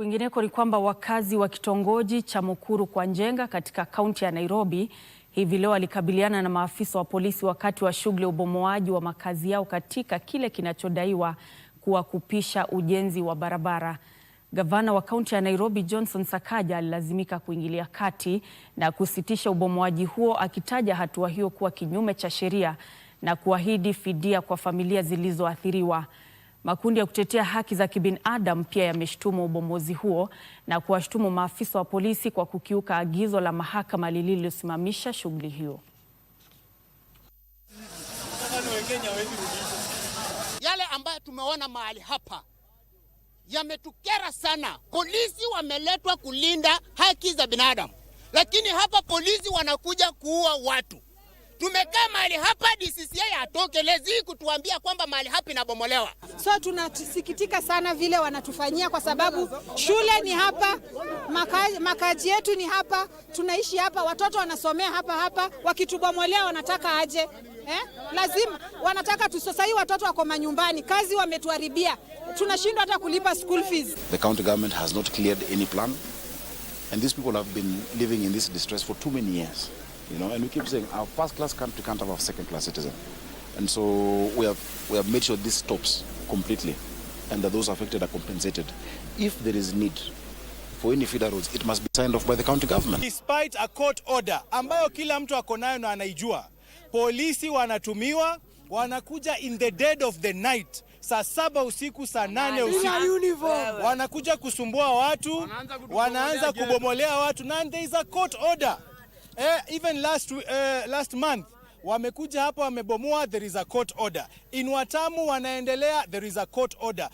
Kwingineko ni kwamba wakazi wa kitongoji cha Mukuru kwa Njenga katika kaunti ya Nairobi hivi leo walikabiliana na maafisa wa polisi wakati wa shughuli ya ubomoaji wa makazi yao katika kile kinachodaiwa kuwa kupisha ujenzi wa barabara. Gavana wa kaunti ya Nairobi Johnson Sakaja alilazimika kuingilia kati na kusitisha ubomoaji huo, akitaja hatua hiyo kuwa kinyume cha sheria na kuahidi fidia kwa familia zilizoathiriwa. Makundi ya kutetea haki za kibinadamu pia yameshtumu ubomozi huo na kuwashtumu maafisa wa polisi kwa kukiuka agizo la mahakama lililosimamisha shughuli hiyo. Yale ambayo tumeona mahali hapa yametukera sana. Polisi wameletwa kulinda haki za binadamu, lakini hapa polisi wanakuja kuua watu. Tumekaa mahali hapa, DCCI atokelezi kutuambia kwamba mahali hapa inabomolewa. So tunasikitika sana vile wanatufanyia, kwa sababu shule ni hapa, makazi yetu ni hapa, tunaishi hapa, watoto wanasomea hapa hapa. Wakitubomolea wanataka aje? Eh, lazima wanataka tusosai, watoto wako manyumbani, kazi wametuharibia, tunashindwa hata kulipa school fees. The county government has not cleared any plan and these people have been living in this distress for too many years. You know, and we keep saying our first-class country can't have a second-class citizen. And so we have, we have made sure this stops completely and that those affected are compensated. If there is need for any feeder roads, it must be signed off by the county government. Despite a court order ambayo kila mtu ako nayo na anaijua, polisi wanatumiwa, wanakuja in the dead of the night saa saba usiku, saa nane usiku wanakuja kusumbua watu, wanaanza kubomolea watu, and there is a court order. Eh, even last, uh, last month wamekuja hapa wamebomoa, there is a court order. In Watamu wanaendelea, there is a court order.